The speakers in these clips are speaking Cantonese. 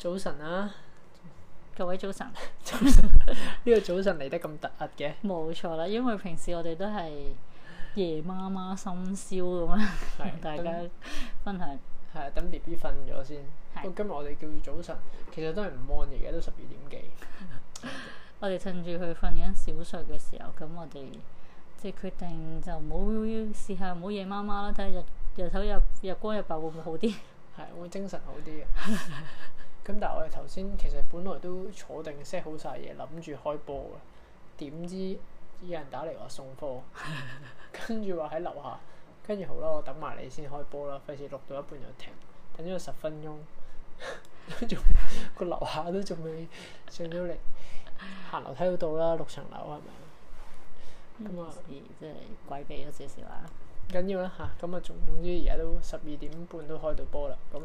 早晨啊！各位早晨，早晨，呢個早晨嚟得咁突兀嘅，冇錯啦。因為平時我哋都係夜媽媽、深宵咁樣，大家分享係等 B B 瞓咗先。不過今日我哋叫早晨，其實都係唔望而嚟嘅，都十二點幾。我哋趁住佢瞓緊小睡嘅時候，咁我哋即係決定就唔好試下，唔好夜媽媽啦。睇下日日頭日日光日白會唔會好啲？係會精神好啲嘅。咁但係我哋頭先其實本來都坐定 set 好晒嘢，諗住開波嘅，點知有人打嚟話送貨， 跟住話喺樓下，跟住好啦，我等埋你先開波啦，費事錄到一半就停，等咗十分鐘，跟住個樓下都仲未上咗嚟，行樓梯都到啦，六層樓係咪？咁、嗯嗯、啊，即係鬼避咗少少啦，唔緊要啦吓，咁啊，總總之而家都十二點半都開到波啦，咁。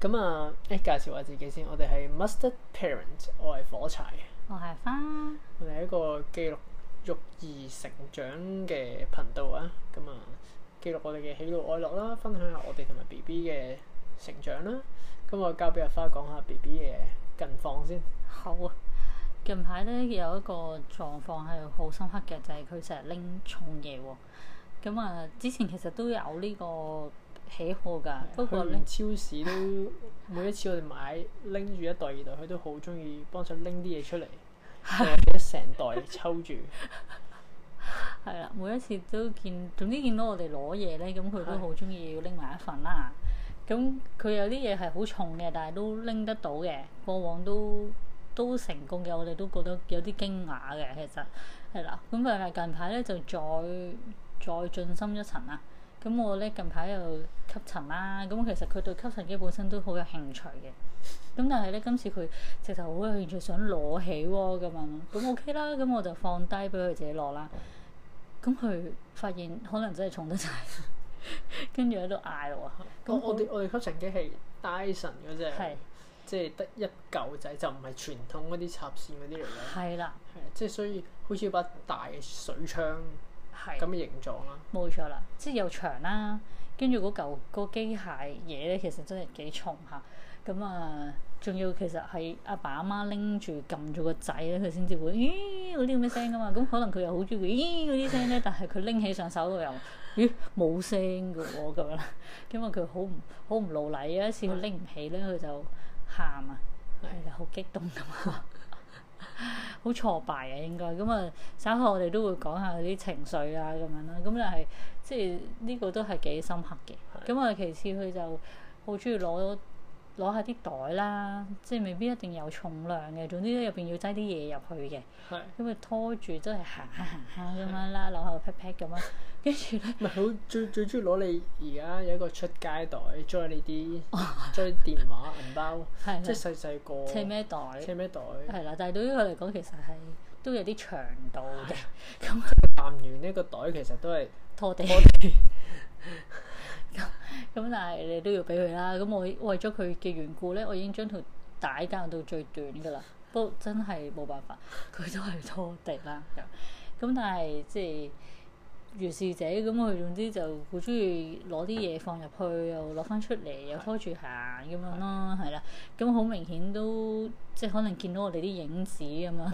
咁啊，誒、嗯、介紹下自己先。我哋係 Mustard Parent，我係火柴，我係花。我哋係一個記錄育兒成長嘅頻道啊。咁、嗯、啊，記錄我哋嘅喜怒哀樂啦，分享下我哋同埋 B B 嘅成長啦。咁、嗯、啊，交俾阿花講下 B B 嘅近況先。好啊。近排咧有一個狀況係好深刻嘅，就係佢成日拎重嘢喎、哦。咁、嗯、啊，之前其實都有呢、呢個喜好㗎，不過咧，超市都 每一次我哋買拎住一袋二袋，佢都好中意幫手拎啲嘢出嚟，拎成 袋抽住。係啦， 每一次都見，總之見到我哋攞嘢咧，咁佢都好中意要拎埋一份啦。咁佢的有啲嘢係好重嘅，但係都拎得到嘅。過往都都成功嘅，我哋都覺得有啲驚訝嘅。其實係啦，咁佢係近排咧就再再進深一層啦。咁我咧近排又吸塵啦，咁其實佢對吸塵機本身都好有興趣嘅。咁但係咧今次佢直頭好有興趣想攞起喎、哦，咁樣，咁 OK 啦，咁我就放低俾佢自己攞啦。咁佢發現可能真係重得晒。跟住喺度嗌喎。我我哋我哋吸塵機係 Dyson 嗰隻，的即係得一嚿仔，就唔係傳統嗰啲插線嗰啲嚟嘅。係啦。係，即係所以好似一把大嘅水槍。咁嘅形狀啦，冇錯啦，即係又長啦，跟住嗰嚿嗰個機械嘢咧，其實真係幾重嚇，咁啊，仲要其實係阿爸阿媽拎住撳住個掣咧，佢先至會咦嗰啲咁嘅聲噶嘛，咁、嗯、可能佢又好中意咦嗰啲聲咧， 但係佢拎起上手又咦冇聲嘅喎、哦，咁 樣，因為佢好唔好唔勞禮啊，一次佢拎唔起咧，佢就喊啊，又好激動咁啊～ 好 挫敗啊，應該咁啊，稍後我哋都會講下嗰啲情緒啊，咁樣啦，咁就係即係呢個都係幾深刻嘅。咁啊，其次佢就好中意攞。攞下啲袋啦，即係未必一定有重量嘅，總之咧入邊要擠啲嘢入去嘅，咁佢拖住都係行下行下咁樣啦，攞下個 pat pat 咁啊，跟住咧。唔係好最最中意攞你而家有一個出街袋，裝你啲裝電話銀包，即係細細個。車咩袋？車咩袋？係啦，但係對於佢嚟講，其實係都有啲長度嘅。咁攬完呢個袋，其實都係拖地。咁但係你都要俾佢啦，咁我為咗佢嘅緣故咧，我已經將條帶夾到最短噶啦，不過真係冇辦法，佢都係拖地啦。咁 但係即係如是者，咁佢，總之就好中意攞啲嘢放入去，又攞翻出嚟，又拖住行咁樣咯，係啦是的。咁好明顯都即係可能見到我哋啲影子咁樣。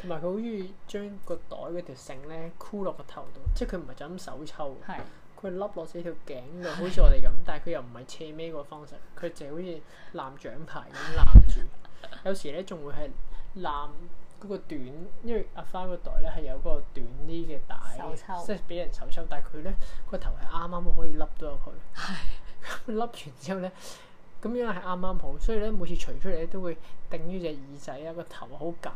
同埋佢好中意將個袋嗰條繩咧箍落個頭度，即係佢唔係就咁手抽。係。佢笠落自己條頸度，好似我哋咁，但係佢又唔係斜孭個方式，佢淨係好似攬獎牌咁攬住。 有時咧仲會係攬嗰個短，因為阿花個袋咧係有個短啲嘅帶，抽即係俾人手抽。但係佢咧個頭係啱啱可以笠到入去。係。咁笠完之後咧，咁樣係啱啱好，所以咧每次除出嚟都會頂於隻耳仔啊，個頭好緊。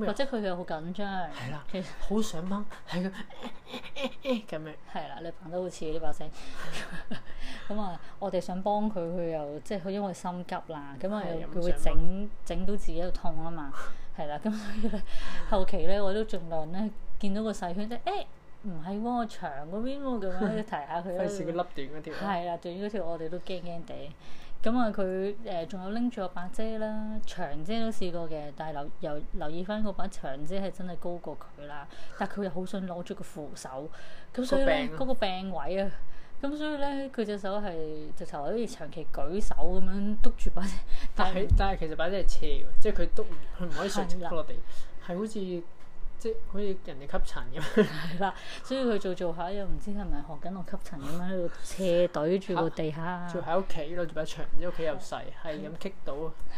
或者佢又好緊張，其實好想掹，係㗎，咁樣係啦，你扮到好似呢把聲，咁啊、嗯，我哋想幫佢，佢又即係佢因為心急啦，咁啊佢會整整到自己喺度痛啊嘛，係啦、嗯，咁、嗯、所以咧後期咧我都盡量咧見到個細圈啫，誒唔係喎，我、哦、長嗰邊喎，咁樣提下佢。費事佢甩短嗰條。係啊，短嗰條我哋都驚驚地。咁啊，佢誒仲有拎住個把遮啦，長遮都試過嘅，但係留又留意翻嗰把長遮係真係高過佢啦。但係佢又好想攞住個扶手，咁所以咧嗰個，啊、個病位啊，咁、嗯、所以咧佢隻手係直頭可以長期舉手咁樣督住把遮。但係但係其實把遮係斜㗎，即係佢督唔佢唔可以垂直落地，係對了 好似。即係好似人哋吸塵咁係啦，所以佢做做下又唔知係咪學緊我吸塵咁樣喺度 斜對住個地下，就喺屋企咯，住喺長遮屋企又細，係咁棘到，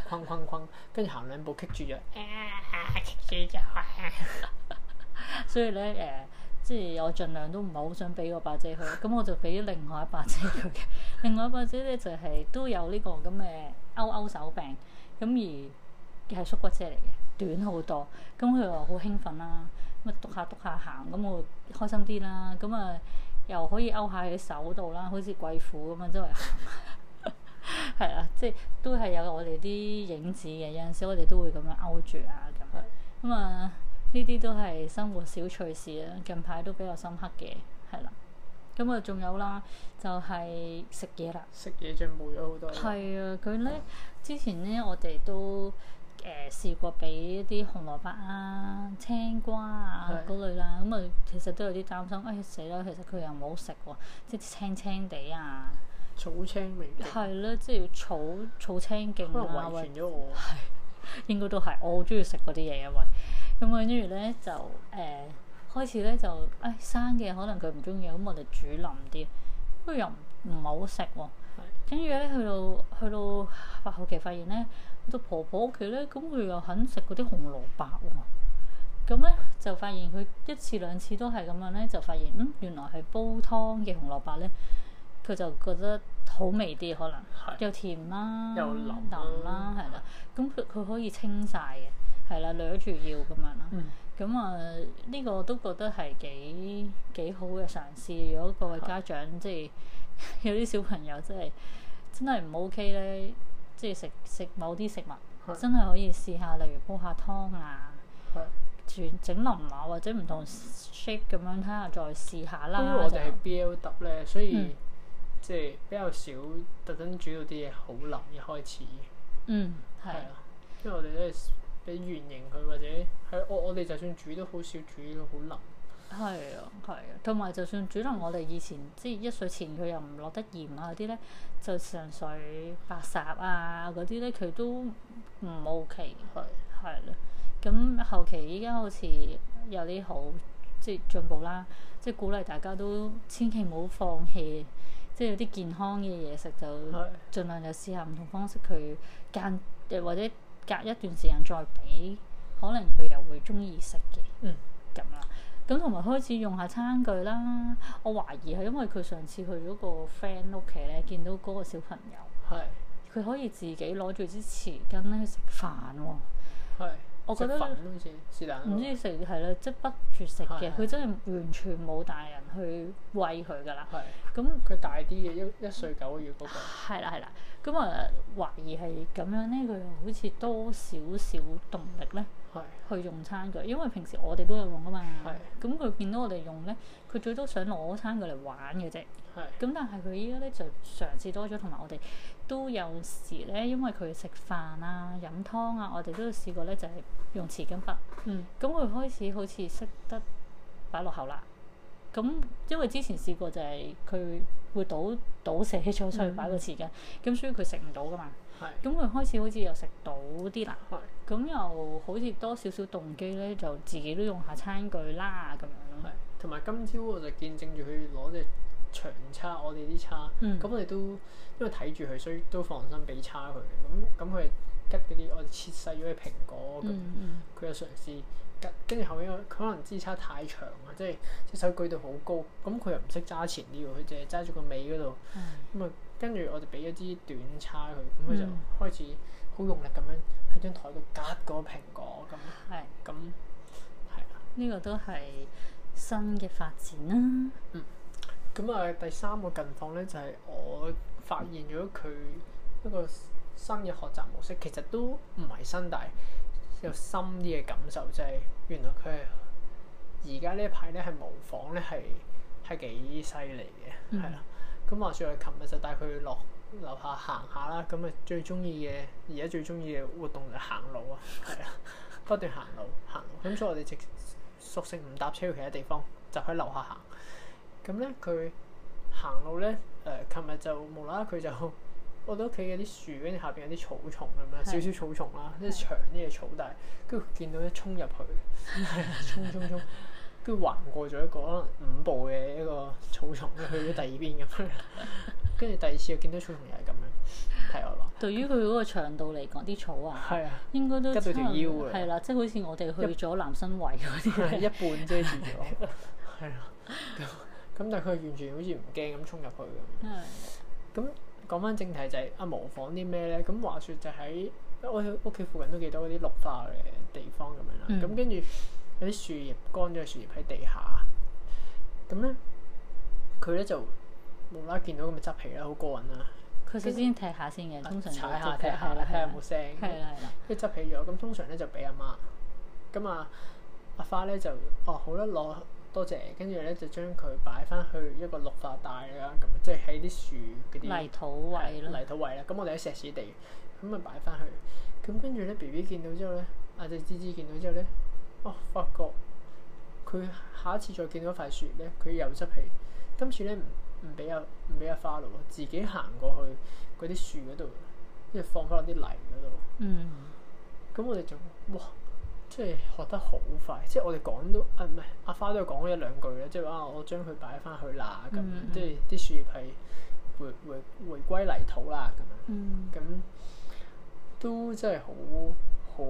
框框框，跟住行兩步棘住咗，棘住咗。所以咧，誒、呃，即係我盡量都唔係好想俾個把遮去，咁 我就俾另外一把遮佢嘅。 另外一把遮咧就係、是、都有呢個咁嘅勾勾手柄，咁而係縮骨遮嚟嘅。短好多，咁佢話好興奮啦，咁啊篤下篤下行，咁我開心啲啦，咁啊又可以勾下佢手度啦，好似貴婦咁樣周圍行，係 啊，即係都係有我哋啲影子嘅，有陣時我哋都會咁樣勾住啊咁，咁啊呢啲都係生活小趣事啦，近排都比較深刻嘅，係啦、啊，咁啊仲有啦，就係食嘢啦，食嘢就冇咗好多，係啊，佢咧、嗯、之前咧我哋都。誒試過俾一啲紅蘿蔔啊、青瓜啊嗰類啦，咁啊是其實都有啲擔心。誒死啦，其實佢又唔好食喎，即係青青地啊，草青草，草青味。係咯，即係草草青勁啊，為。係應該都係，我好中意食嗰啲嘢因為咁、e 呃哎嗯、是啊，跟住咧就誒開始咧就誒生嘅可能佢唔中意，咁我哋煮腍啲，不過又唔好食喎。跟住咧去到去到後期發現咧。到婆婆屋企咧，咁佢又肯食嗰啲紅蘿蔔喎、啊，咁咧就發現佢一次兩次都係咁樣咧，就發現嗯原來係煲湯嘅紅蘿蔔咧，佢就覺得好味啲可能，是又甜啦、啊，又腍啦、啊，係啦、啊，咁佢佢可以清晒嘅，係啦，掠住要咁樣啦，咁、嗯、啊呢、呢個都覺得係幾幾好嘅嘗試，如果各位家長的即係有啲小朋友真係真係唔 OK 咧。即係食食某啲食物，是真係可以試下，例如煲下湯啊，全整腍啊，或者唔同 shape 咁樣，睇下再試下啦。因為咁我哋係 BLW 嚟就，所以、嗯、即係比較少特登煮到啲嘢好腍。一開始，嗯係，因為我哋都係啲圓形佢或者係我我哋就算煮都好少煮到好腍。係啊，係啊，同埋就算，主能我哋以前即係一歲前佢又唔落得鹽啊啲咧，就純粹白烚啊嗰啲咧，佢都唔好奇，係咯。咁後期依家好似有啲好即係進步啦，即係鼓勵大家都千祈唔好放棄，即係有啲健康嘅嘢食就盡量就試下唔同方式，佢間或者隔一段時間再俾，可能佢又會中意食嘅。嗯，咁啦。咁同埋開始用下餐具啦，我懷疑係因為佢上次去嗰個 friend 屋企咧，見到嗰個小朋友，佢的可以自己攞住支匙羹咧食飯喎、喔。係的我覺得唔知食係啦，即係不絕食嘅，佢的真係完全冇大人去餵佢噶啦。係的，咁佢那大啲嘅，一一歲九個月嗰、那個。係啦係啦，咁啊懷疑係咁樣咧，佢好似多少少動力咧。去用餐具，因為平時我哋都有用啊嘛。係。咁佢見到我哋用咧，佢最多想攞餐具嚟玩嘅啫。係是的。咁但係佢依家咧就嘗試多咗，同埋我哋都有時咧，因為佢食飯啊、飲湯啊，我哋都試過咧，就係、是、用匙羹筆。嗯，嗯。咁佢開始好似識得擺落口啦。咁因為之前試過就係佢會倒倒瀉咗出去擺個匙羹，咁、嗯嗯、所以佢食唔到㗎嘛。咁佢開始好似又食到啲啦，咁 又好似多少少動機咧，就自己都用下餐具啦咁樣。係， 同埋今朝我就見證住佢攞隻長叉，我哋啲叉，咁、嗯、我哋都因為睇住佢，所以都放心俾叉佢。咁咁佢係拮嗰啲，我哋切細咗啲蘋果，佢又、嗯嗯、嘗試。跟住後邊，佢可能支叉太長啊，即係隻手舉到好高，咁佢又唔識揸前啲喎，佢淨係揸住個尾嗰度。咁啊、嗯，跟住我哋俾咗支短叉佢，咁佢、嗯、就開始好用力咁、嗯、樣喺張台度夾嗰個蘋果咁。咁係啊，呢個都係新嘅發展啦。嗯，咁啊、呃，第三個近況咧就係、是、我發現咗佢一個新嘅學習模式，其實都唔係新，但係。有深啲嘅感受就係，原來佢而家呢一排咧係模仿咧係係幾犀利嘅，係啦。咁話説佢琴日就帶佢落樓下行下啦，咁啊最中意嘅而家最中意嘅活動就係行路啊，係啊，不斷行路行。咁所以我哋直屬性唔搭車去其他地方，就喺樓下行。咁咧佢行路咧，誒琴日就無啦啦佢就。我哋屋企有啲樹，跟住下邊有啲草叢咁樣，少少草叢啦，即係長啲嘅草。但係跟住見到一衝入去，衝衝衝，跟住橫過咗一個五步嘅一個草叢，去咗第二邊咁，跟住第二次又見到草叢又係咁樣，睇我落。對於佢嗰個長度嚟講，啲草啊，應該都～拮到條腰嘅。係啦，即係好似我哋去咗南生圍嗰啲。一半啫，截咗。係啊，咁但係佢完全好似唔驚咁衝入去咁。咁。講翻正題就係啊，模仿啲咩咧？咁話説就喺我屋企附近都幾多啲綠化嘅地方咁樣啦。咁跟住有啲樹葉，乾咗嘅樹葉喺地下，咁咧佢咧就無啦，見到咁咪執皮啦，好過癮啦。佢先踢下先嘅，通常踩下踢下，睇下有冇聲。係啦係啦，跟住執起咗。咁通常咧就俾阿媽，咁啊阿花咧就哦，好啦，攞。多謝，跟住咧就將佢擺翻去一個綠化帶啦，咁即係喺啲樹嗰啲泥土位，泥土位啦。咁我哋喺石屎地咁啊擺翻去，咁跟住咧 B B 見到之後咧，阿只芝芝見到之後咧，哦，發覺佢下一次再見到一塊樹咧，佢又執起，今次咧唔唔俾阿唔俾阿花露，自己行過去嗰啲樹嗰度，跟住放翻落啲泥嗰度。嗯。咁我哋就哇！即係學得好快，即係我哋講都啊唔係阿花都有講一兩句咧，即係話、啊、我將佢擺翻去啦咁，嗯、即係啲樹葉係回回回歸泥土啦咁、嗯、樣，咁都真係好好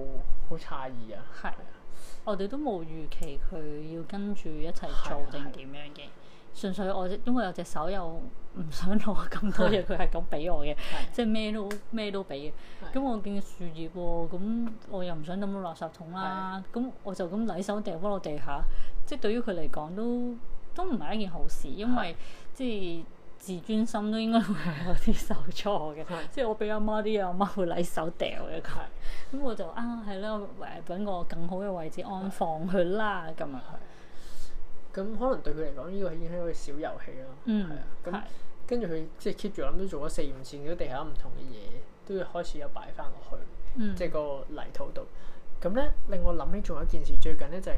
好詫異啊！係啊的，的我哋都冇預期佢要跟住一齊做定點樣嘅。純粹我因為有隻手又唔想攞咁多嘢，佢係咁俾我嘅，即係咩都咩都俾嘅。咁我見樹葉喎，咁我又唔想抌落垃圾桶啦，咁我就咁攬手掉翻落地下。即係對於佢嚟講都都唔係一件好事，因為即係自尊心都應該會有啲受挫嘅。即係我俾阿媽啲嘢，阿媽會攬手掉嘅。咁我就啊，係啦，誒揾個更好嘅位置安放佢啦。咁啊。咁可能對佢嚟講，呢、呢個係已經係一個小遊戲咯。係啊、嗯，咁的跟住佢即係 keep 住諗，都做咗四五次，如果地下唔同嘅嘢，都要開始有擺翻落去，嗯、即係個泥土度。咁咧令我諗起仲有一件事，最近咧就係誒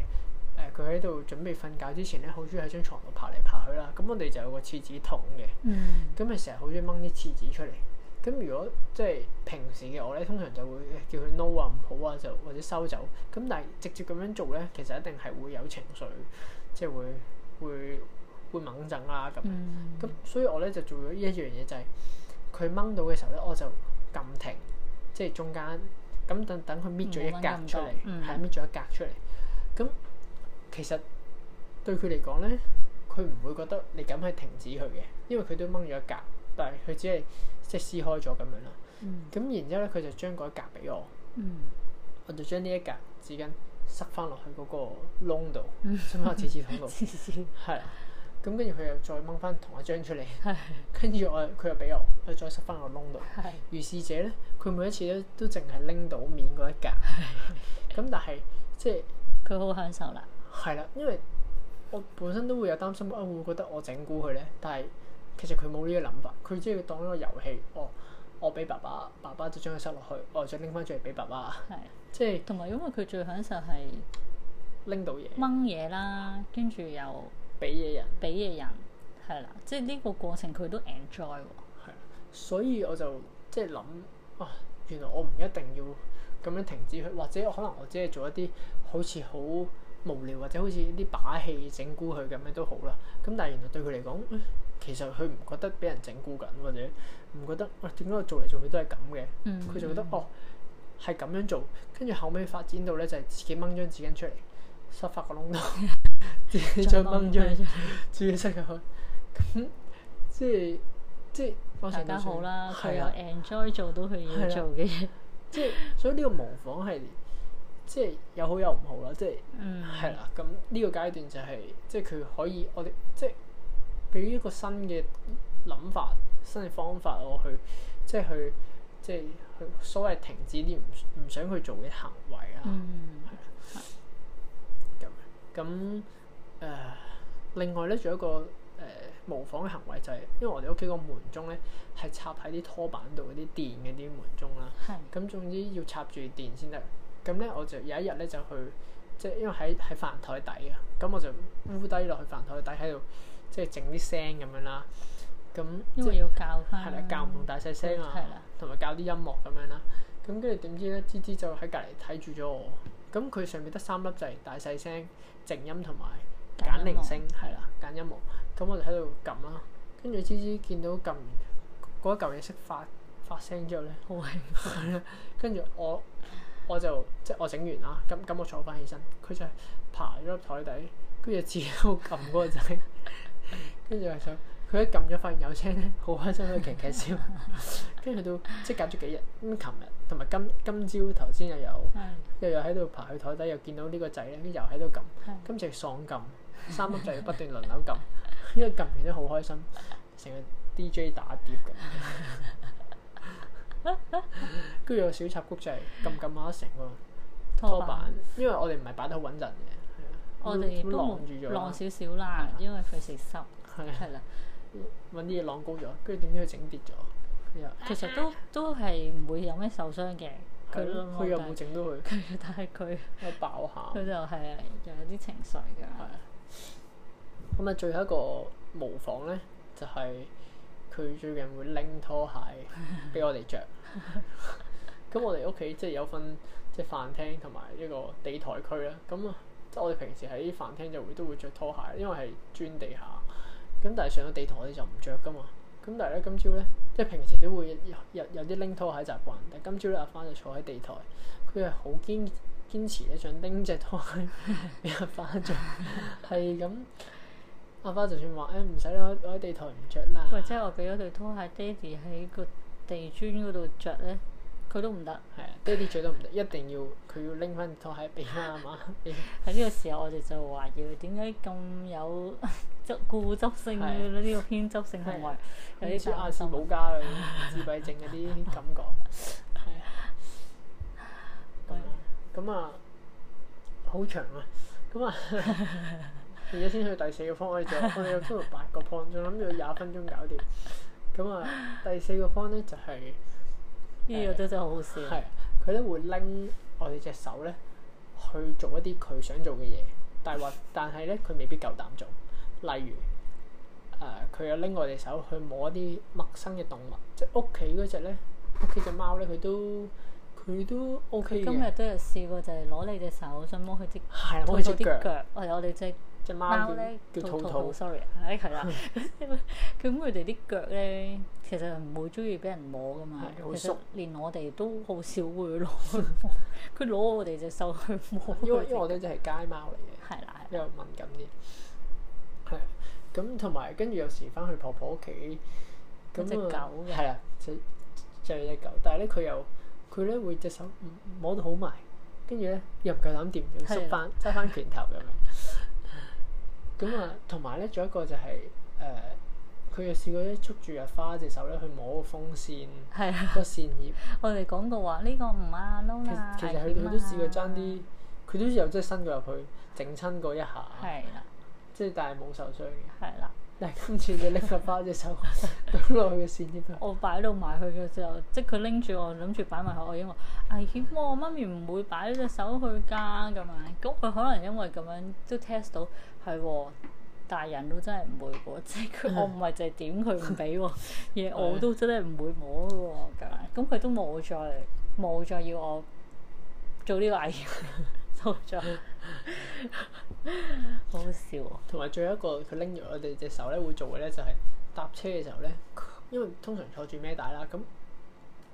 佢喺度準備瞓覺之前咧，好中意喺張床度爬嚟爬去啦。咁我哋就有個廁紙桶嘅，咁咪成日好中意掹啲廁紙出嚟。咁如果即係平時嘅我咧，通常就會叫佢 no 啊，唔好啊，就或者收走。咁但係直接咁樣做咧，其實一定係會有情緒。即係會會會猛震啦咁，咁、嗯、所以我咧就做咗一樣嘢就係佢掹到嘅時候咧，我就撳停，即係中間咁等等佢搣咗一格出嚟，係搣咗一格出嚟。咁其實對佢嚟講咧，佢唔會覺得你咁係停止佢嘅，因為佢都掹咗一格，但係佢只係即係撕開咗咁樣啦。咁、嗯、然之後咧，佢就將嗰、嗯、一格俾我，我就將呢一格紙巾塞翻落去嗰個窿度，塞翻個紙紙筒度，係咁跟住佢又再掹翻同一張出嚟，跟住我佢又俾我，佢再塞翻個窿度。 如是者咧，佢每一次都都淨係拎到面嗰一格，咁 但係即係佢好享受啦。係啦，因為我本身都會有擔心，我會覺得我整蠱佢咧，但係其實佢冇呢個諗法，佢只係當一個遊戲哦。我俾爸爸，爸爸就將佢收落去。我再拎翻出嚟俾爸爸。係，即係。同埋因為佢最享受係拎到嘢，掹嘢啦，跟住又俾嘢人，俾嘢人係啦。即係呢個過程佢都 enjoy 喎。係啊，所以我就即係諗啊，原來我唔一定要咁樣停止佢，或者可能我只係做一啲好似好無聊或者好似啲把戲整蠱佢咁樣都好啦。咁但係原來對佢嚟講，其實佢唔覺得俾人整蠱緊或者。唔覺得，喂、啊，點解我做嚟做去都係咁嘅？佢、嗯、就覺得，哦，係咁樣做，跟住後尾發展到咧，就係、是、自己掹張紙巾出嚟，塞翻個窿度， 自己再掹張紙巾塞入去。咁即係即係，即大家好啦，佢 有 enjoy 做到佢要做嘅嘢。即係，所以呢個模仿係即係有好有唔好啦。即係，嗯，係啦。咁呢個階段就係、是，即係佢可以，我哋即係俾一個新嘅諗法。新嘅方法我去，即係去，即係去，所謂停止啲唔唔想去做嘅行為啊，係咁咁誒，另外咧仲有一個誒、呃、模仿嘅行為就係、是，因為我哋屋企個門鐘咧係插喺啲拖板度嗰啲電嘅啲門鐘啦，係的，咁總之要插住電先得，咁咧我就有一日咧就去，即係因為喺喺飯台底啊，咁我就污低落去飯台底喺度，即係整啲聲咁樣啦。咁，嗯、因為要教即係係啦，教唔同大細聲啊，同埋教啲音樂咁樣啦、啊。咁跟住點知咧？芝芝就喺隔離睇住咗我。咁佢上面得三粒掣，大細聲、靜音同埋揀鈴聲，係啦，揀音樂。咁我就喺度撳啦。跟住芝芝見到撳完嗰嚿嘢識發發聲之後咧，好威！ 跟住我我就即係我整完啦。咁咁我坐翻起身，佢就爬咗入台底，跟住自己喺度撳嗰個掣，跟住我想。佢一撳咗發現有聲咧，好開心喺度騎騎笑，跟住到即係隔咗幾日咁，琴日同埋今今朝頭先又有，又有喺度爬去台底又見到呢個仔咧，又喺度撳，今次係爽撳，三粒掣不斷輪流撳，因為撳完都好開心，成日 DJ 打碟咁，跟住有個小插曲就係撳撳下成個拖板，因為我哋唔係擺得好穩陣嘅，我哋都晾少少啦，因為費事濕，係啦。揾啲嘢晾高咗，跟住點知佢整跌咗，其實都都係唔會有咩受傷嘅。佢佢又冇整到佢，但係佢爆下。佢就係又有啲情緒㗎。咁啊，最後一個模仿咧，就係、是、佢最近會拎拖鞋俾我哋着。咁 我哋屋企即係有份即係飯廳同埋一個地台區啦。咁即係我哋平時喺飯廳就會都會着拖鞋，因為係磚地下。咁但係上咗地台我哋就唔着噶嘛，咁但係咧今朝咧，即係平時都會有有啲拎拖鞋習慣，但係今朝咧阿花就坐喺地台，佢係好堅堅持咧想拎隻拖鞋。俾阿花著，係咁 樣。 阿花就算話誒唔使攞我喺地台唔着啦，或者我俾咗對拖鞋爹哋喺個地磚嗰度着咧。佢都唔得，係啊，爹哋嘴都唔得，一定要佢要拎翻拖鞋俾媽嘛。喺呢個時候，我哋就懷疑佢點解咁有執固執性嘅呢個偏執性行為，有啲亞氏保加自閉症嗰啲感覺。係啊，咁啊，好長啊，咁啊，而家先去第四個方，就我哋有八個方，仲諗住廿分鐘搞掂。咁啊，第四個方咧就係。呢個都真係好好笑。係、呃，佢都、啊、會拎我哋隻手咧去做一啲佢想做嘅嘢，但係話，但係咧佢未必夠膽做。例如，誒、呃，佢又拎我哋手去摸一啲陌生嘅動物，即係屋企嗰隻咧，屋企隻貓咧，佢都佢都 OK 今日都有試過就係、是、攞你隻手想摸佢隻鞋，摸佢啲腳，腳或者我哋隻。隻貓咧叫兔兔，sorry，哎，係啦，咁佢哋啲腳咧，其實唔會中意俾人摸噶嘛，其實連我哋都好少會攞佢攞我哋隻手去摸。因為因為我哋就係街貓嚟嘅，又敏感啲，係。咁同埋跟住有時翻去婆婆屋企，咁隻狗嘅係啦，就就有隻狗，但係咧佢又佢咧會隻手摸到好埋，跟住咧又唔夠膽掂，縮翻揸翻拳頭咁樣。咁啊，同埋咧，仲有，有一個就係，誒，佢又試過咧捉住阿花隻手咧，去摸個風扇，係個扇葉。我哋講過話，呢個唔啱咯。其實佢佢 都試過爭啲，佢 都有即係伸咗入去，整親過一下。係 即係，但係冇受傷嘅。係啦了。但係今次你拎個包隻手揼落 去嘅線添，就是。 我擺到埋去嘅時候，即係佢拎住我，諗住擺埋去。我已經話危險喎、啊，媽咪唔會擺隻手去㗎，咁樣。咁佢可能因為咁樣都 test 到係喎，大 人都真係唔會喎。即係佢， 我唔係淨係點佢唔俾喎嘢，我都真係唔會摸㗎。咁佢都冇再冇再要我做呢個危險操作。好好笑啊！同埋最後一個，佢拎住我哋隻手咧，會做嘅咧就係搭車嘅時候咧，因為通常坐住孭帶啦，咁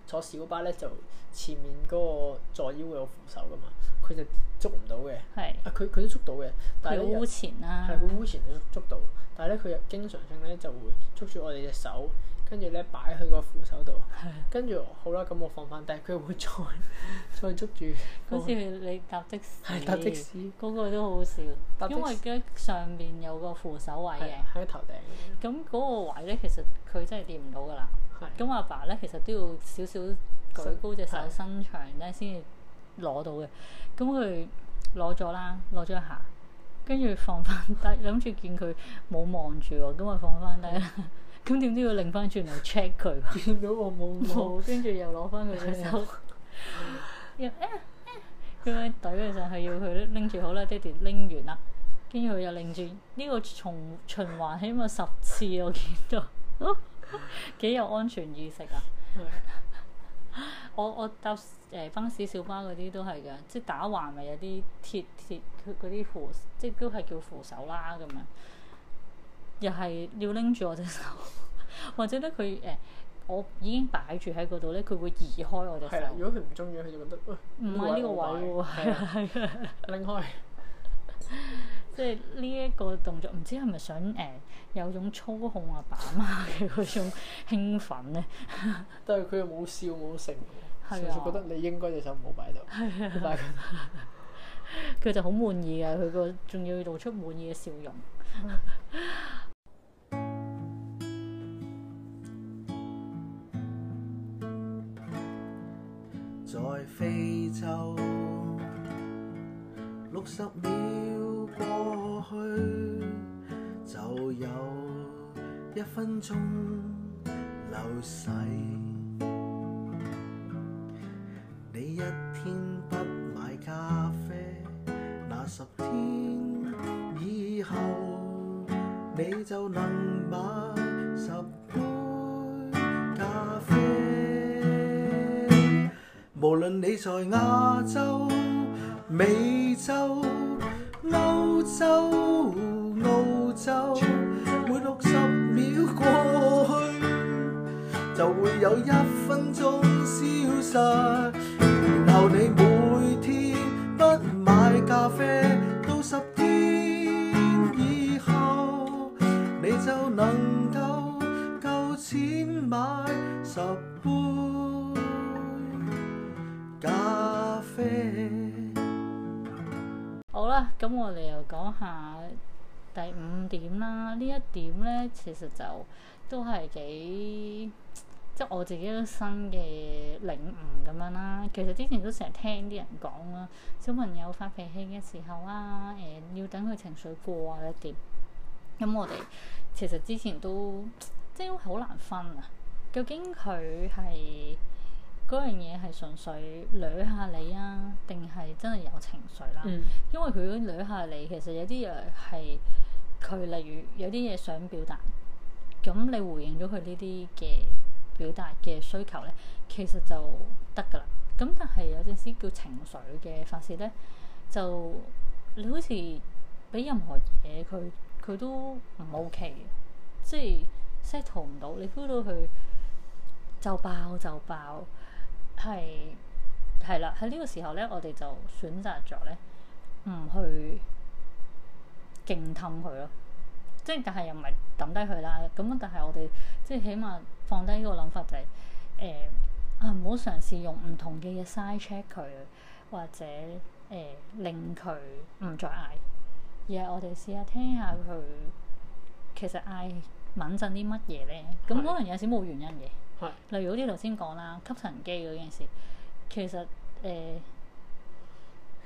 坐小巴咧就前面嗰個座椅會有扶手噶嘛，佢就捉唔到嘅。係啊，佢佢都捉到嘅，但係會污前啦、啊，係會污前捉到，但係咧佢又經常性咧就會捉住我哋隻手。跟住咧擺喺佢個扶手度，跟住的好啦，咁我放翻低，佢會再再捉住。好似你搭的士，係搭的、的士，嗰個都好好笑。因為咧上邊有個扶手位嘅，喺頭頂。咁嗰個位咧，其實佢真係掂唔到噶啦。咁阿的爸咧，其實都要少少舉高隻手伸的長咧，先至攞到嘅。咁佢攞咗啦，攞咗一下。跟住放翻低，諗住 見佢冇望住，咁我放翻低。 咁點知要擰翻轉嚟 check 佢。見到我冇冇，跟住又攞翻佢隻手， 又哎呀，咁樣懟佢，就係要佢拎住。好啦，爹哋拎完啦，跟住佢又擰轉呢個，重循環起碼十次，我見到幾、啊、有安全意識啊我！我我搭誒巴士小巴嗰啲都係嘅，即係打橫咪有啲鐵鐵佢嗰啲扶，即係都係叫扶手啦咁樣。又係要拎住我隻手，或者咧佢誒，我已經擺住喺嗰度咧，佢會移開我隻手。係啦，如果佢唔中意，佢就覺得唔係呢個位喎，拎開。即係呢一個動作，唔知係咪想誒、欸、有種操控阿爸阿媽嘅嗰種興奮咧？但係佢又冇笑冇成，所以的覺得你應該隻手唔好擺度。係但係佢， 就好滿意嘅，佢個仲要露出滿意嘅笑容。 在非洲，六十秒過去，就有一分鐘流逝。無論你在亞洲、美洲、歐洲、澳洲，每六十秒過去，就會有一分鐘消失。然後你每天不買咖啡，到十天以後，你就能夠夠錢買十杯。咁、啊、我哋又講下第五點啦。呢一點咧，其實就都係幾，即係我自己都新嘅領悟咁樣啦。其實之前都成日聽啲人講啦，小朋友發脾氣嘅時候啊，誒、呃、要等佢情緒過啊一點。咁我哋其實之前都即係好難分啊，究竟佢係，嗰樣嘢係純粹捋下你啊，定係真係有情緒啦？嗯、因為佢捋下你，其實有啲嘢係佢，例如有啲嘢想表達，咁你回應咗佢呢啲嘅表達嘅需求咧，其實就得㗎喇。咁但係有陣時叫情緒嘅發泄咧，就你好似俾任何嘢佢，佢都唔 OK，嗯、即係 settle 唔到，你估到佢就爆就爆。係，係啦，喺呢個時候咧，我哋就選擇咗咧，唔去勁氹佢咯。即係，但係又唔係抌低佢啦。咁但係我哋即係起碼放低呢個諗法，就係誒啊，唔好嘗試用唔同嘅嘢 side check 佢，或者誒、呃、令佢唔再嗌，而係我哋試下聽下佢其實嗌引震啲乜嘢咧。咁可能有時冇原因嘅。例如好似頭先講啦，吸塵機嗰件事，其實誒，呃、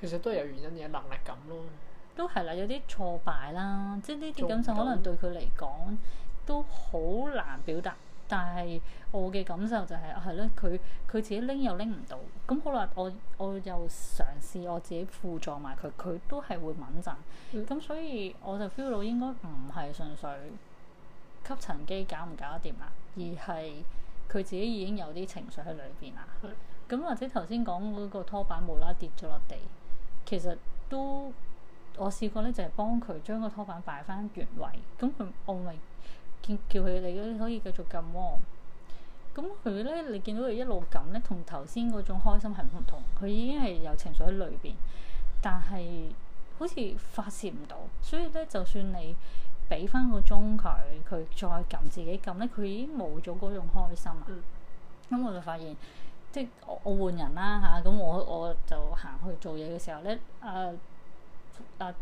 其實都係有原因嘅，因能力感咯，都係啦，有啲挫敗啦，即係呢啲感受可能對佢嚟講都好難表達。但係我嘅感受就係係咯，佢、啊、佢自己拎又拎唔到，咁好啦，我我又嘗試我自己輔助埋佢，佢都係會敏陣。咁、嗯、所以我就 feel 到應該唔係純粹吸塵機搞唔搞得掂啦，而係。佢自己已經有啲情緒喺裏邊啦。咁或者頭先講嗰個拖板無啦啦跌咗落地，其實都我試過呢就係幫佢將個拖板擺翻原位。咁佢我咪叫叫佢你可以繼續撳、哦。咁佢呢，你見到佢一路撳呢，同頭先嗰種開心係唔同。佢已經係有情緒喺裏邊，但係好似發洩唔到。所以呢，就算你。俾翻個鐘佢，佢再撳自己撳咧，佢已經冇咗嗰種開心啦。咁、嗯嗯、我就發現，即我我換人啦嚇，咁、啊、我我就行去做嘢嘅時候咧，誒誒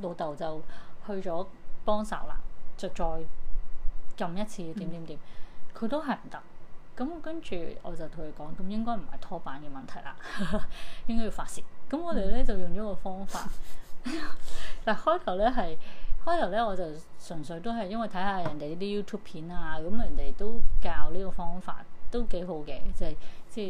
老豆就去咗幫手啦，就再撳一次點點點，佢都係唔得。咁跟住我就同佢講，咁應該唔係拖板嘅問題啦， 應該要發洩。咁我哋咧、嗯、就用咗個方法， 但開頭咧係。開頭咧，我就純粹都係因為睇下人哋啲 YouTube 片啊，咁人哋都教呢個方法，都幾好嘅，就係即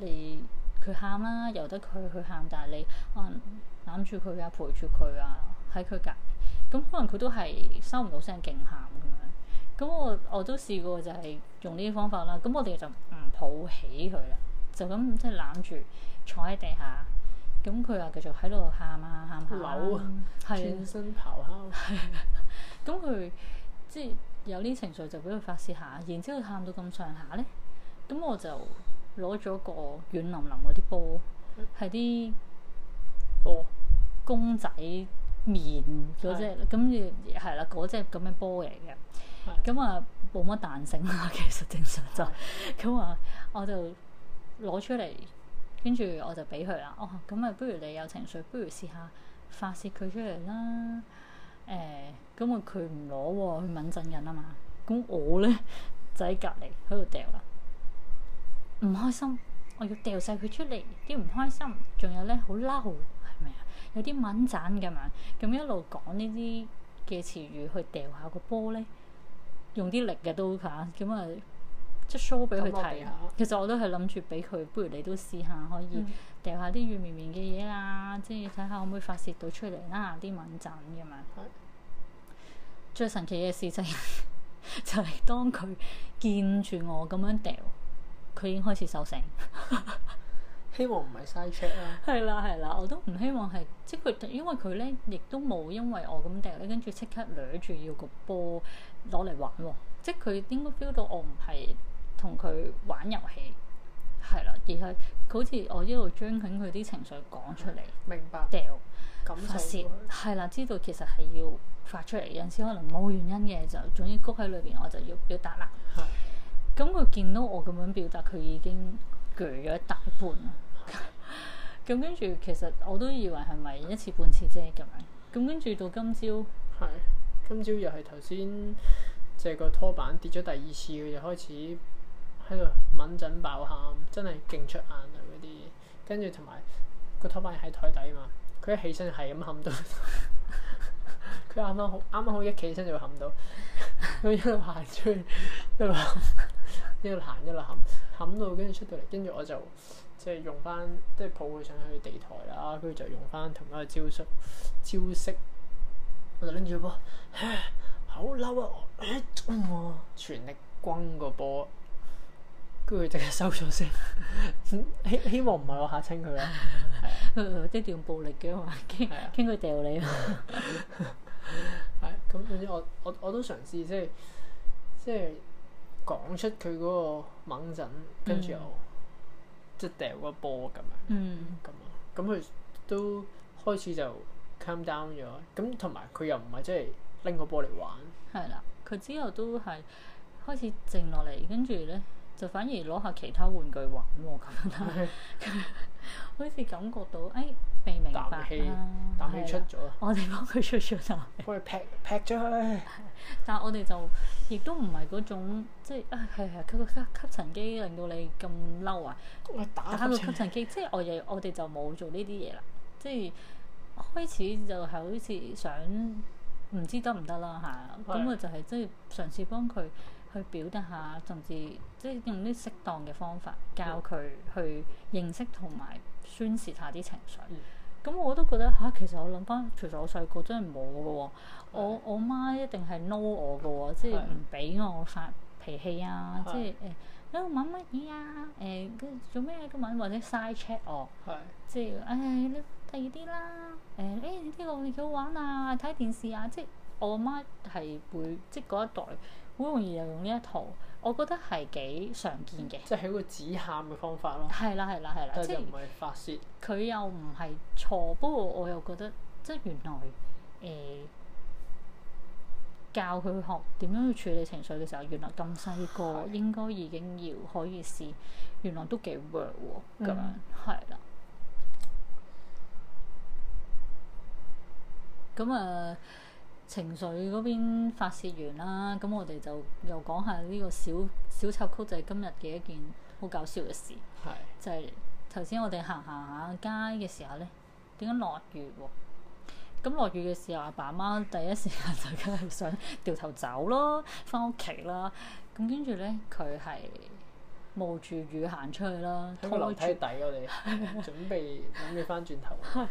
係你佢喊啦，由得佢去喊，但係你可能攬住佢啊，陪住佢啊，喺佢隔，咁可能佢都係收唔到聲，勁喊咁樣。咁我我都試過就係用呢啲方法啦。咁我哋就唔抱起佢啦，就咁即係攬住坐喺地下。咁佢又繼續喺度喊啊喊喊，轉、啊扭啊、身咆哮、啊。咁佢 即係有啲情緒就俾佢發泄下，然之後喊到咁上下咧，咁我就攞咗個軟腍腍嗰啲波，係啲波公仔面嗰隻，咁係啦，嗰隻咁嘅波嚟嘅。咁啊冇乜彈性啊，其實正常就咁啊的， 我就攞出嚟。跟住我就俾佢啦。哦，咁啊，不如你有情緒，不如試下發泄佢出嚟啦。誒、呃，咁啊，佢唔攞喎，佢掹掙緊㗎嘛。咁我咧就喺隔離喺度掉啦。唔開心，我要掉晒佢出嚟啲唔開心。仲有咧好嬲，係咪啊？有啲掹掙咁樣，咁一路講呢啲嘅詞語去掉下個波咧，用啲力嘅都嚇，咁啊～即 show 俾佢睇下。其實我都係諗住俾佢，不如你都試下，可以掉下啲軟綿綿嘅嘢啦，即係睇下可唔可以發泄到出嚟啦，啲蚊疹咁樣。嗯、最神奇嘅事情就係、係、 當佢見住我咁樣掉，佢已經開始受成。 希望唔係嘥 check 啦。係啦， 係啦，我都唔希望係即係佢，因為佢咧亦都冇因為我咁掉咧，跟住即刻掠住要個波攞嚟玩喎、哦。 即係佢應該 feel 到我唔係。同佢玩遊戲係啦，而係好似我一路將緊佢啲情緒講出嚟，明白掉丟發泄係啦。知道其實係要發出嚟，有陣時可能冇原因嘅就總之谷喺裏邊，我就要表達啦。咁的，佢見到我咁樣表達，佢已經攰咗一大半。咁跟住，的 其實我都以為係咪一次半次啫咁樣。咁跟住到今朝係今朝又係頭先借個拖板跌咗第二次，佢又開始。喺度猛震爆喊，真係勁出眼淚嗰啲嘢。跟住同埋個拖板喺台底嘛，佢一起身就係咁喊到。佢啱啱好，啱啱好一起身就喊到。佢 一路行出去，一路喊，一路行一路喊。喊到跟住出到嚟。跟住我就即係用翻，即係抱佢上去地台啦。跟住就用翻同一個招式，招式。我就拎住個波，好嬲啊！全力轟個波。跟住佢淨係收咗先，希 希望唔係我嚇親佢咯，即係用暴力嘅，驚驚佢掉你咯。係咁、 啊，總之我我我都嘗試即係即係講出佢嗰個猛陣，跟住又、嗯、即係掉個波咁樣。嗯，咁啊，咁佢都開始就 calm down 咗。咁同埋佢又唔係即係拎個波嚟玩。係啦、啊，佢之後都係開始靜落嚟，跟住咧。就反而攞下其他玩具玩喎，咁樣，對 好似感覺到，哎，未明白啦。氮氣，氮氣出咗。我哋幫佢出咗。氮氣。幫佢劈劈咗佢。 但係我哋就亦都唔係嗰種，即係啊係係吸吸吸塵機令到你咁嬲啊！打，打到吸塵機，了解 即係我哋我哋就冇做呢啲嘢啦。即係開始就係好似想唔知得唔得啦吓，咁對 我就係、是、即係嘗試幫佢。去表達下是是，甚至即係用啲適當嘅方法教佢去認識同埋宣泄下啲情緒。咁、嗯、我都覺得嚇、啊，其實我諗翻，其實我細個真係冇嘅喎。我的我媽一定係嬲我嘅喎，的即係唔俾我發脾氣啊！的即係誒、呃，你又問乜嘢啊？誒、呃，做咩咁問？或者嘥 check 我。係的。即係，唉、哎，第二啲啦。誒、呃，呢啲呢個幾好玩啊！睇電視啊，即係我阿媽係會即係嗰一代。好容易又用呢一套，我覺得係幾常見嘅。即係一個止喊嘅方法咯。係啦，係啦，係啦。但係又唔係發泄。佢又唔係錯，不過我又覺得，即係原來誒、呃、教佢學點樣去處理情緒嘅時候，原來咁細個的應該已經要可以試，原來都幾 work 喎。咁樣係啦。咁啊、嗯。情緒嗰邊發洩完啦，咁我哋就又講下呢個小小插曲，就係今日嘅一件好搞笑嘅事。係，是的 就係頭先我哋行行下街嘅時候呢，點解落雨喎？咁落雨嘅時候，阿爸媽第一時間就梗係想掉頭走咯，翻屋企啦。咁跟住呢，佢係。冒住雨行出去啦，拖、嗯、樓梯底我哋，準備準備翻轉頭。係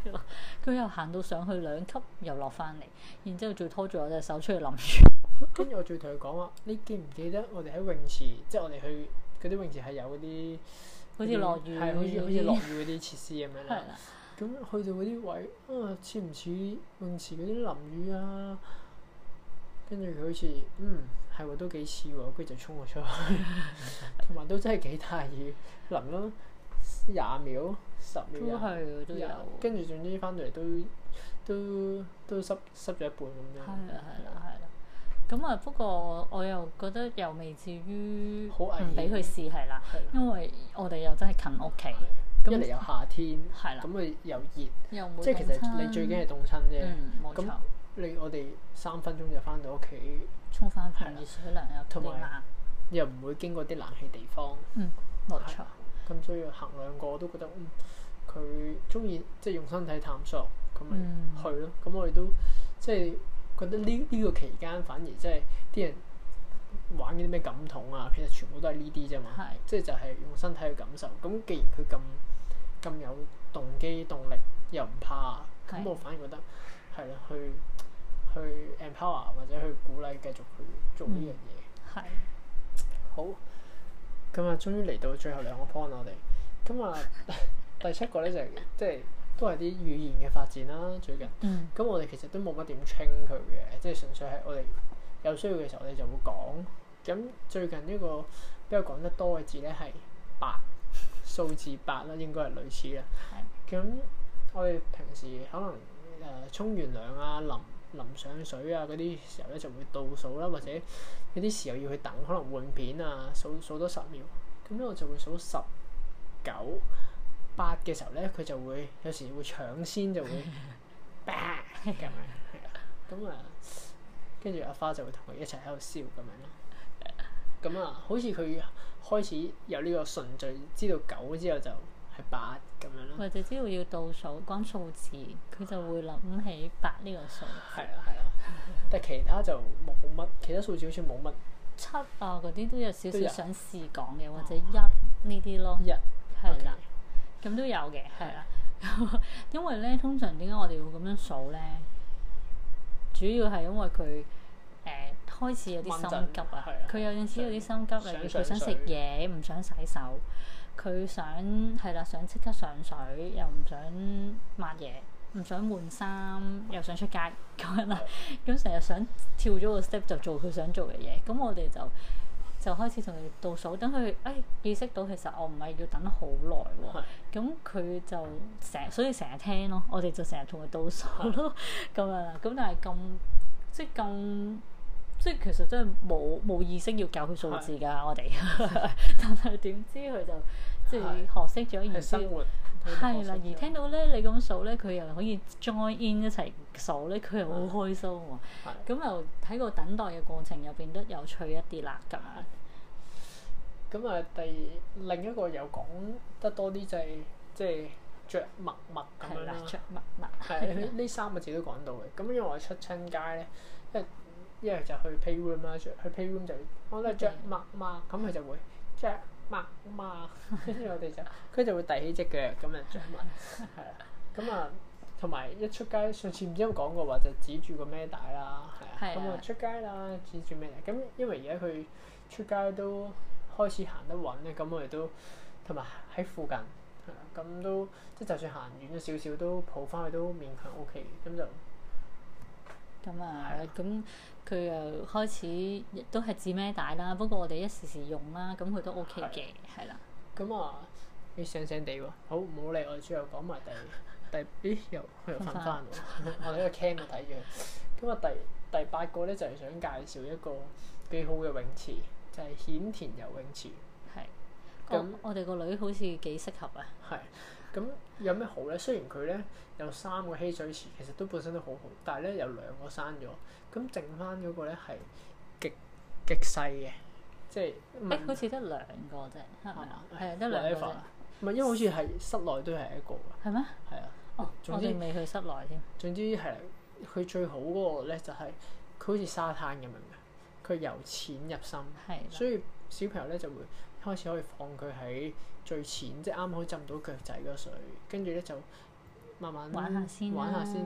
佢、 啊、又行到上去兩級，又落翻嚟，然之後再拖住我隻手出去淋雨。跟 住我再同佢講話，你記唔記得我哋喺泳池，即係我哋去嗰啲泳池係有嗰啲，好似落雨，係好似好似落雨嗰啲設施咁樣啦。咁、啊、去到嗰啲位，啊，似唔似泳池嗰啲淋雨啊？跟住佢好似，嗯，係喎都幾似喎，跟住就衝落出去，同埋 都真係幾大熱，淋咗廿秒、十秒都係，都有。跟住總之翻到嚟都都都濕濕咗一半咁樣。係啦係啦係啦，咁啊不過我又覺得又未至於，唔俾佢試係啦，因為我哋又真係近屋企、嗯，一嚟又夏天，係啦，咁啊又熱，又冇。即係其實你最驚係凍親啫，咁、嗯。你我哋三分鐘就翻到屋企，沖翻熱水涼又啲冷，同埋又唔會經過啲冷氣地方。嗯，冇錯。咁所以行兩個我都覺得，嗯，佢中意即係用身體探索，咁咪去咯。咁、嗯、我哋都即係、即係、覺得呢呢、呢個期間反而即係啲人玩啲咩感統啊，其實全部都係呢啲啫嘛。係、嗯。即係就係用身體去感受。咁既然佢咁咁有動機動力，又唔怕，咁我反而覺得係啦，去的。 去 empower 或者去鼓勵，繼續去做呢樣嘢係好咁啊！終於嚟到最後兩個 point，我哋咁啊，第七個咧就係、是、即係都係啲語言嘅發展啦。最近咁，我哋其實都冇乜點 train 佢嘅，即係純粹係我哋有需要嘅時候，我哋就會講。咁最近呢個比較講得多嘅字咧係八數字八啦，應該係類似嘅。係咁，我哋平時可能誒、呃、沖完涼啊淋。淋上水啊！嗰啲時候咧就會倒數啦，或者有啲時候要去等，可能換片啊，數數多十秒，咁咧我就會數十九八嘅時候咧，佢就會有時會搶先就會咁 樣，咁啊，跟住阿花就會同佢一齊喺度笑咁樣咯。咁啊，好似佢開始有呢個順序，知道九之後就、係八咁樣咯，或者只要要倒數講數字，佢就會諗起八呢個數字。係啊係啊，但係其他就冇乜，其他數字好似冇乜。七啊嗰啲都有少少想試講嘅，或者一呢啲咯。一係啦，咁都有嘅。係啦，因為咧，通常點解我哋會咁樣數咧？主要係因為佢誒開始有啲心急啊，佢有陣時有啲心急啊，佢想食嘢唔想洗手。佢想係啦，想即刻上水，又唔想抹嘢，唔想換衫，又想出街咁樣啦。咁成日想跳咗個 step 就做佢想做嘅嘢。咁我哋就就開始同佢倒數，等佢誒意識到其實我唔係要等好耐喎。咁佢的就成日，所以成日聽咯。我哋就成日同佢倒數咯，咁樣啦。咁、嗯嗯、但係咁即咁。即係其實真係冇冇意識要教佢數字㗎、啊，我哋是的。 但係點知佢就即係學識咗意思。係生活。係啦，而聽到咧你咁數咧，佢又可以 join in 一齊數咧，佢又好開心喎、啊。咁又喺個等待嘅過程入邊都有趣一啲啦，咁啊。咁啊，第二另一個又講得多啲就係、是、即係着襪襪咁樣啦、啊。著襪襪係呢三個字都講到嘅。咁因為我出親街咧，即係。一係就去 playroom 啦，去 playroom 就我都係著襪嘛，咁佢 Okay. 就會著襪嘛，跟住 我哋就佢就會遞起隻腳咁嚟着襪。係啊， 咁啊同埋一出街，上次唔知有講過話就指住個孭帶啦，係啊，咁啊的出街啦，指住孭帶。咁因為而家佢出街都開始行得穩咧，咁我哋都同埋喺附近，係咁都即係就算行遠咗少少都抱翻去都勉強 O K 嘅，咁就。咁啊，咁佢又開始亦都係字咩帶啦。不過我哋、okay、一時時用啦，咁佢都 O K 嘅，係啦。咁啊，你醒醒哋喎，好唔好理我，最後講埋第第，咦又又瞓翻喎。我 喺個 c a 睇住。咁啊，第第八個咧就係想介紹一個幾好嘅泳池，就係顯田游泳池。係是。咁就、哦、我哋個女好似幾適合啊。係。咁有咩好咧？雖然佢咧有三個嬉水池，其實都本身都好好，但係咧有兩個閂咗，咁剩翻嗰個咧係極極細嘅，即係誒、欸嗯、好似得兩個啫，係啊，係啊，得兩個啫。唔係，因為好似係室內都係一個㗎。係咩？係啊。哦，總之我仲未去室內添。總之係，佢最好嗰個咧就係、是、佢好似沙灘咁樣嘅，佢由淺入深，係，所以小朋友咧就會。開始可以放佢喺最淺，即係啱好浸到腳仔嗰水，跟住咧就慢慢玩下先，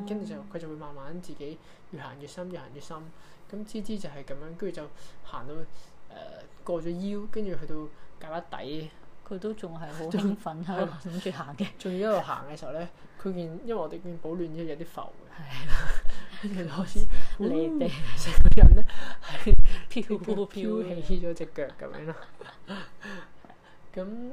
跟住就佢就會慢慢自己越行越深，越行越深。咁芝芝就係咁樣，跟住就行到誒過咗腰，跟住去到胳肋底，佢都仲係好興奮喺度諗住行嘅。仲要一路行嘅時候咧，佢件因為我哋件保暖衣有啲浮嘅，跟住開始 lift 嘅時候飄飄飄 起咗隻腳咁樣咯， 咁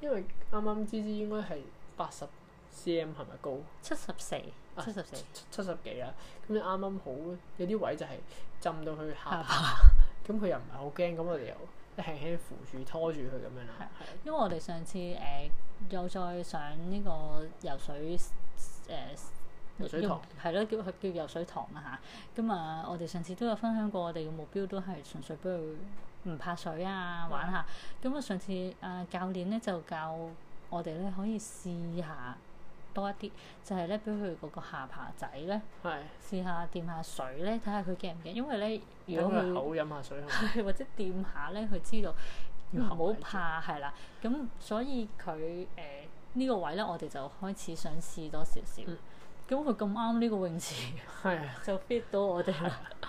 因為啱啱芝芝應該係八十 cm 係咪高 74, 74.、啊七？七十四，七十四，七十幾啦。咁你啱啱好有啲位就係浸到去下巴，咁佢、 嗯、又唔係好驚，咁我哋又輕輕扶住拖住佢咁樣啦。係係，因為我哋上次誒、呃、又再上呢個游水誒。呃游水堂係咯，叫叫游水堂啦嚇。咁啊，我哋上次都有分享過，我哋嘅目標都係純粹俾佢唔怕水啊，玩下。咁啊，上次啊，教練咧就教我哋咧可以試下多一啲，就係咧俾佢嗰個下巴仔咧，試下掂下水咧，睇下佢驚唔驚。因為咧，如果佢口飲下水，或者掂下咧，佢知道唔好怕，係啦。咁所以佢誒呢個位咧，我哋就開始想試多少少。咁佢咁啱呢個泳池，就 fit 到我哋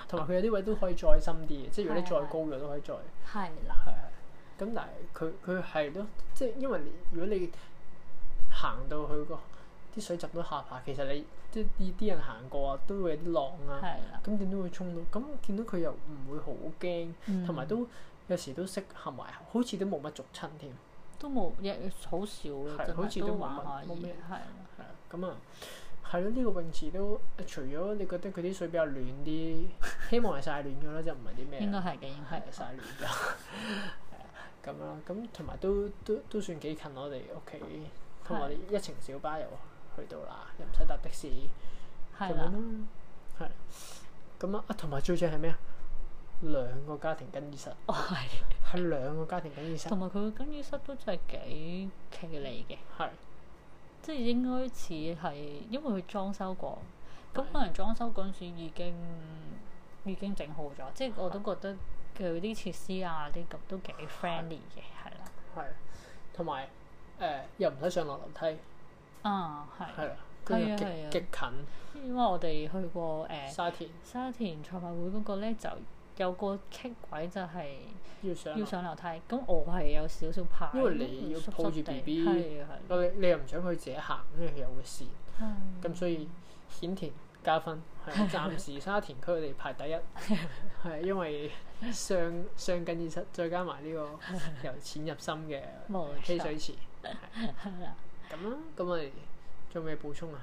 同埋佢有啲位都可以再深啲嘅，即係如果你再高嘅都可以再。係啦。係係。咁但係佢佢係咯，即係因為如果你行到去個啲水浸到下巴，其實你即呢啲人行過啊，都會有啲浪啊。係啦。咁點都會衝到，咁見到佢又唔會好驚，同埋都有時都識合埋，好似都冇乜俗親添。都冇，亦好少好似都冇下啲。係。咁啊。係咯，呢個泳池都除咗你覺得佢啲水比較暖啲， 希望係曬暖咗啦，就唔係啲咩。應該係嘅，應該係曬暖嘅。咁樣咁同埋都都都算幾近我哋屋企，同埋一程小巴又去到啦，又唔使搭的士，咁係啦，係。咁啊啊，同埋最主要係咩啊？兩個家庭更衣室。哦，係。係兩個家庭更衣室。同埋佢個更衣室都真係幾企理嘅，係。 即係應該似係，因為佢裝修過，咁是的 可能裝修嗰陣時已經已經整好咗。是的 即係我都覺得佢啲設施啊啲咁都幾 friendly 嘅，係啦是的。係，同埋誒又唔使上落樓梯。啊、嗯，係。係啦，佢又極極近。因為我哋去過誒、呃、沙田沙田賽馬會嗰個咧就。有個棘鬼就係要上要上樓梯，咁我係有少少怕，因為你要抱住 B B，你你又唔想佢自己行，因為佢有個線，咁所以顯田加分係 暫時沙田區我哋排第一，係 因為上上緊二十，再加埋呢個由淺入深嘅汽水池，係啦 沒錯，咁 啦，咁咪仲有咩補充啊？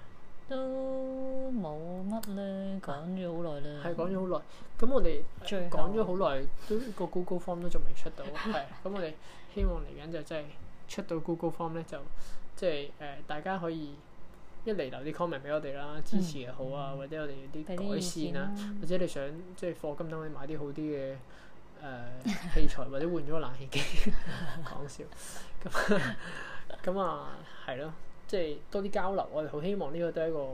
都冇乜咧，講咗好耐喇。係講咗好耐，咁我哋講咗好耐，都個 Google Form 都仲未出到。係， 咁我哋希望嚟緊就真係出到 Google Form 咧，就即係誒大家可以一嚟留啲 comment 俾我哋啦，支持又好啊，嗯嗯、或者我哋啲改善啊，或者你想即係課金都可以買啲好啲嘅誒器材， 或者換咗個冷氣機。講笑，咁咁啊，係咯。即係多啲交流，我哋好希望呢個都係一個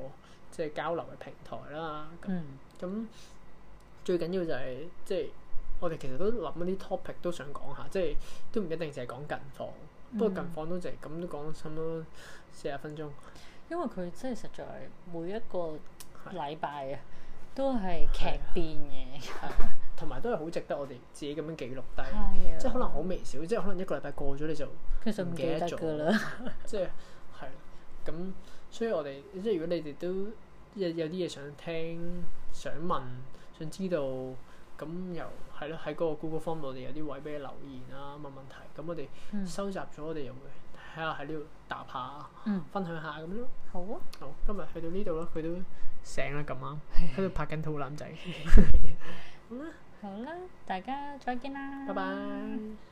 即係交流嘅平台啦。咁、嗯、最緊要就係即係我哋其實都諗嗰啲 topic 都想講下，即係都唔一定淨係講近況，嗯、不過近況都就係咁講咗差唔多四十分鐘。因為佢真係實在每一個禮拜啊，都係劇變嘅，同埋都係好值得我哋自己咁樣記錄低。哎、呀即係可能好微小，即係可能一個禮拜過咗你就，其實唔記得咗了 即係。咁，所以我哋即係如果你哋都有啲嘢想聽、想問、想知道，咁又係咯，喺嗰個 Google Form 度，我哋有啲位俾你留言啊，問問，問題，咁我哋收集咗，嗯、我哋又會睇下喺呢度答下，嗯、分享下咁咯。好啊，好，今日去到呢度咯，佢都醒啦咁啱，喺度的拍緊肚腩仔。好啦，好啦，大家再見啦，拜拜。